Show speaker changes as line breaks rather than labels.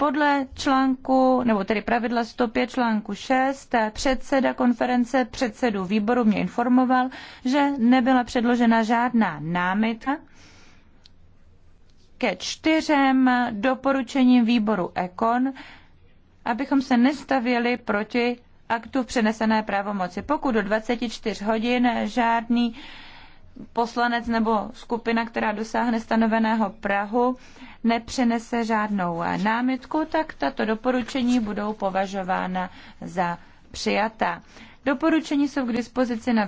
Podle článku, nebo tedy pravidla 105 článku 6, předseda konference předsedu výboru mě informoval, že nebyla předložena žádná námitka ke čtyřem doporučením výboru EKON, abychom se nestavili proti aktu přenesené pravomoci. Pokud do 24 hodin žádný poslanec nebo skupina, která dosáhne stanoveného Prahu, nepřenese žádnou námitku, tak tato doporučení budou považována za přijata.
Doporučení jsou k dispozici na